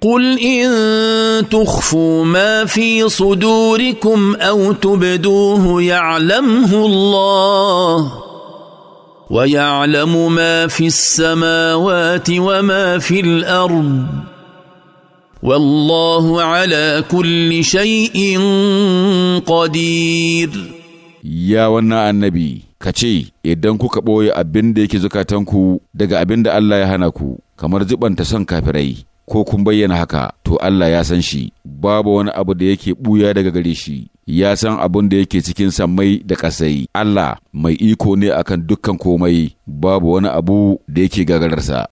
قل ان تخفوا ما في صدوركم او تبدوه يعلمه الله ويعلم ما في السماوات وما في الارض والله على كل شيء قدير يا ونا النبي كشي idan kuka ɓoye abin da yake zukatanku daga abin da Allah ya hana ku kamar son kafirai ko kun bayyana haka to Allah ya san shi babu wani abu da yake buya daga gare shi ya san abun da yake cikin sammai da ƙasai Allah mai iko ne akan dukkan komai babu wani abu da yake gagararsa